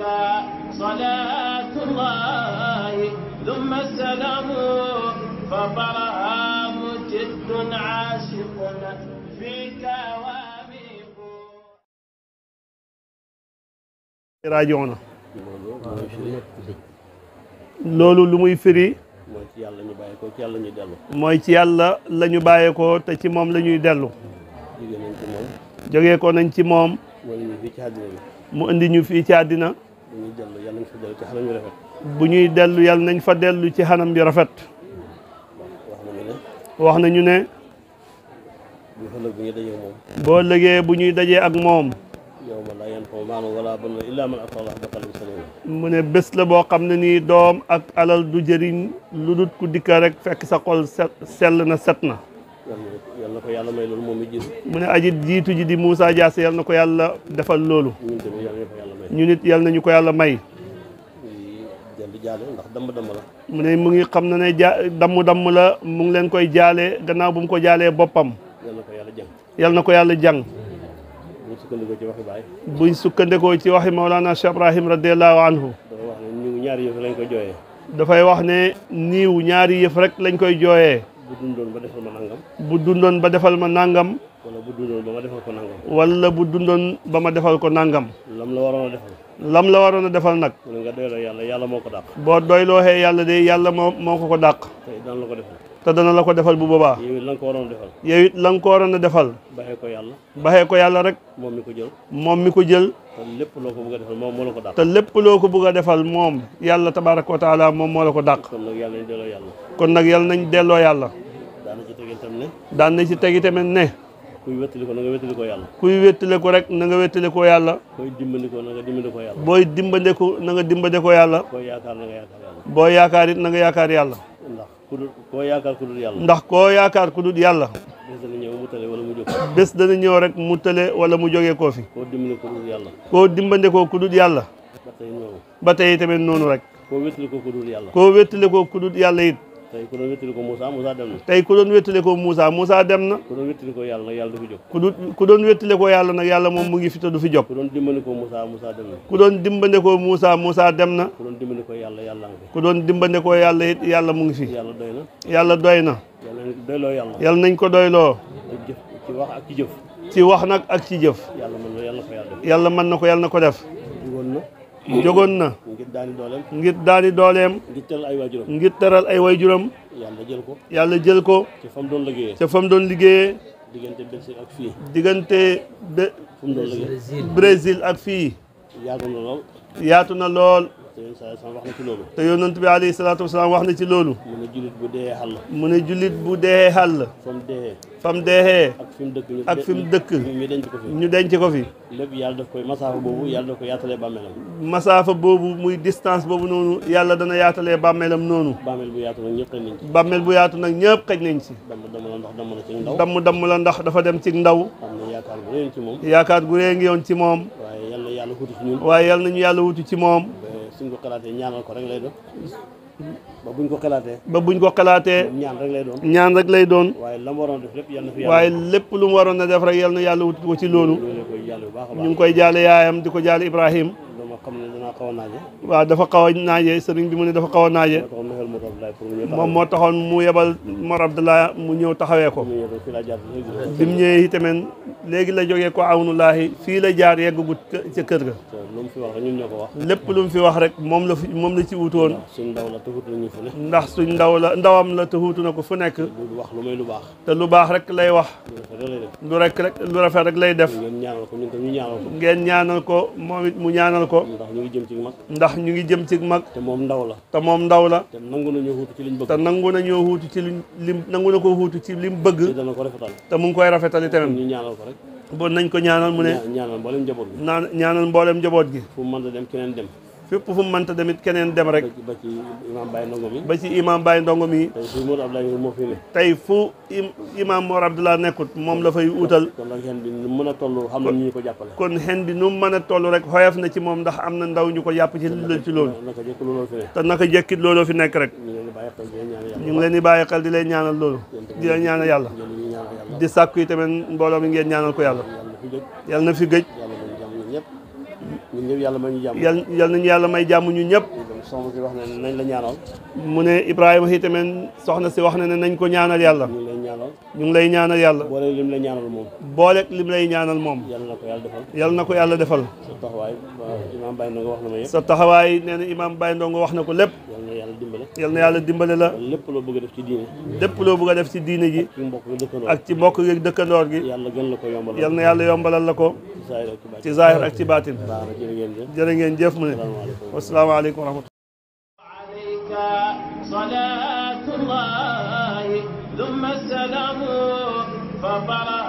عليك صلاة loolu lu muy firi mooy ci yàlla lañu bàyyi ko ci ci te ci moom lañuy ñuy dellu jógee ko nañ ci moom jógee ko mu indi ñu fii ci àddina bu ñuy dellu yàlla nañ fa dellu ci xanam bi rafet. wax nañu ne. boo lëgee bu ñuy dajee ak moom. mu ne bés la boo xam ne nii doom ak alal du jëriñ lu dut ku dikka rek fekk sa xol sell na set na. yal na ko yàlla may loolu moom it jiitu. mu ne aji jiitu ji di Moussa Diassé yal na ko yàlla defal loolu. ñun tamit yal nañu ko yàlla may. ñun it yal nañu ko yàlla may. di jaale ndax mu ne mu ngi xam na ne ja damm damm la mu ngi leen koy jaale gannaaw bu mu ko jaalee boppam. yal na ko yàlla jàng. yal na ko yàlla jàng. buñ sukkandikoo ci waxi baay. buñ sukkandikoo ci waxi Mawlana Cheikh Ibrahim radiyallahu anhu. dafa wax ne niiw ñaari yëf lañ koy jooyee. dafay wax ne niiw ñaari yëf rek lañ koy jooyee. bu dundoon ba defal ma nangam. bu dundoon ba defal ma nangam. wala bu dundoon ba ma defal ko nangam. wala bu dundoon ba ma defal ko nangam. lam la waroon a defal. lam la waroon a defal nag. nga doyloo yàlla yàlla moo ko dàq. boo doylooxee yàlla de yàlla ma moo ko ko dàq. la ko defal. te dana la ko defal bu boobaa. yow lan la nga ko waroon a defal. yow it ko waroon a defal. baxee ko yàlla. baxee ko yàlla rek. moom mi ko jël. moom mi ko jël. te lépp loo ko bëgg a defal moom moo la ko dàq. te lépp loo ko bëgg a defal moom yàlla tabaaraka wa taala moom moo la ko dàq. kon nag yàlla nañ delloo yàlla. kon nag nañ delloo yàlla. daan na ci tegi tamit ne. daan na ci tegi tamit ne. kuy wéttali ko na nga wéttali ko yàlla. kuy wéttali ko rek na nga wéttali ko yàlla. booy dimbali ko na nga dimbali ko yàlla. booy dimbali ko na nga ko yàlla. booy yaakaar na nga yaakaar yaakaar na nga yaakaar yàlla. ku dul koo ku dul yàlla. ndax koo yaakaar ku dul yàlla. bés dana ñëw mu tële wala mu jóg. bés dana mu tële wala mu jógee koo fi. koo dimbale ku dul yàlla. koo dimbale ko ku yalla yàlla. ba noonu. ba tey noonu rek. koo wéttale ko ku dul yàlla. koo wéttale ko ku dul yàlla tey ku doon wéttali ko Moussa Moussa dem na. tey ku doon wéttali ko Moussa Moussa dem na. ku doon wéttali ko yàlla nag yàlla du fi jóg. ku du ku doon wéttali yàlla moom mu ngi fi te du fi jóg. ku doon dimbali ko Moussa na. ku doon dimbali ko Moussa Moussa dem na. ku doon dimbali ko yàlla yàlla nga fi. ku doon ko yàlla it yàlla mu ngi fi. yàlla doy na. yàlla doy na. yàlla nañ ko doyloo yàlla. ko doyloo. ci wax ak ci ci wax nag ak ci jëf. yàlla mën na yàlla na ko yàlla mën na ko yàlla na ko def. jógoon na. ngir daani dooleem. ngir daani dooleem. ngir tëral ay waajuram. ngir teral ay waajuram. yàlla jël ko. yàlla jël ko. ca fam doon liggéey ca fam doon liggéeyee. diggante Brésil ak fii. diggante be. fu mu doon liggéey Brésil ak fii. yaatu na lool. na lool. te yonent bi alayhi salaatu wasalaam wax na ci loolu. mu ne jullit bu dee xàll. mu ne jullit bu dee xàll. fam dee. fam dee. ak fi mu dëkk ak fi mu dëkk. ñu denc ko fi ñu denc ko fi. lépp yàlla daf koy masaafa boobu yàlla daf koy yaatalee bàmmeelam. masaafa boobu muy distance boobu noonu yàlla dana yaatalee bàmmeelam noonu. bàmmeel bu yaatu nag ñëpp xëj nañ ci. bàmmeel bu yaatu nag ñëpp xëj nañ ci. damm damm la ndax dafa dem ci ndaw. yaakaar gu rëy ngi yoon ci moom. waaye yal na ñu yàlla wutu ci moom. suñ ko xalaatee ñaanal ko rek lay doon. ba buñ ko xalaatee. ba buñ ko xalaatee. ñaan rek lay doon waaye la mu waroon def lépp yal na fi yàlla. waaye lépp lu a def rek yal na yàlla wut ko ci loolu. ñu koy jaale yaayam di ko jaale Ibrahim. waaw dafa xaw a naaje sëriñ bi mu ne dafa xaw a naaje moom moo taxoon mu yebal Mor Abdallah mu ñëw taxawee ko bi mu ñëwee itamit léegi la jógee ko awnulaahi fii la jaar yeggagut ca kër ga lépp lu mu fi wax rek moom la moom la ci wutu woon ndax suñ ndaw la ndawam la te wutu na ko fu nekk te lu baax rek lay wax lu rek rek lu rafet rek lay def ngeen ñaanal ko moom it mu ñaanal ko jëm ci mag ndax ñu ngi jëm ci mag te moom ndaw la te moom ndaw la te nangu nañoo xuutu ci liñ bëgg te xuutu ci liñ nangu na koo xuutu ci lim bëgg dana ko rafetal te mu ngi koy rafetali tamit ñu ko rek bon nañ ko ñaanal mu ne ñaanal mboolem njaboot gi ñaanal mboolem njaboot gi fépp fu mu mënta tamit keneen dem rek. ba ci imaam Baye Ndongo mi. ba ci imaam Baye Ndongo mi. tey fu Mor tey fu imaam Mor Abdoulaye nekkut moom la fay utal. kon xen bi nu mu mën a toll xam na ñu ko jàppale. kon xen bi nu mu a toll rek xoyaf na ci moom ndax am na ndaw ñu ko yàpp ci li ci loolu. te naka jekki looloo fi nekk rek. ñu ngi leen di bàyyi xel di leen ñaanal loolu. di leen ñaanal yàlla. di sàkku yi tamit mbooloo mi ngeen ñaanal ko yàlla. yàlla na fi gëj. ñun ñëpp yàlla may ñu jàmm. yal yal nañu yàlla may jàmm ñun ñëpp. soxna si wax na ne nañ la ñaanal. mu ne Ibrahima itamit soxna si wax na ne nañ ko ñaanal yàlla. ñu ngi lay ñaanal. ñu ngi lay ñaanal yàlla. boole lim lay ñaanal moom. boole lim lay ñaanal moom. yal na ko yàlla defal. yal na ko yàlla defal. sa taxawaay imaam imaam Baye Ndongo wax na ko lépp. dimbale yal na yàlla dimbale la lépp loo bëgg a def ci diine lépp loo bëgg a def ci diine ji ak ci mbokk yeeg dëkkandoor gi yàlla gën la ko yombalal yal na yàlla yombalal la ko ci zaahir ak ci baatin jërë ngeen jëf mu ne wasalaamaaleykum wa rahmatulah صلاة الله ثم السلام فطرها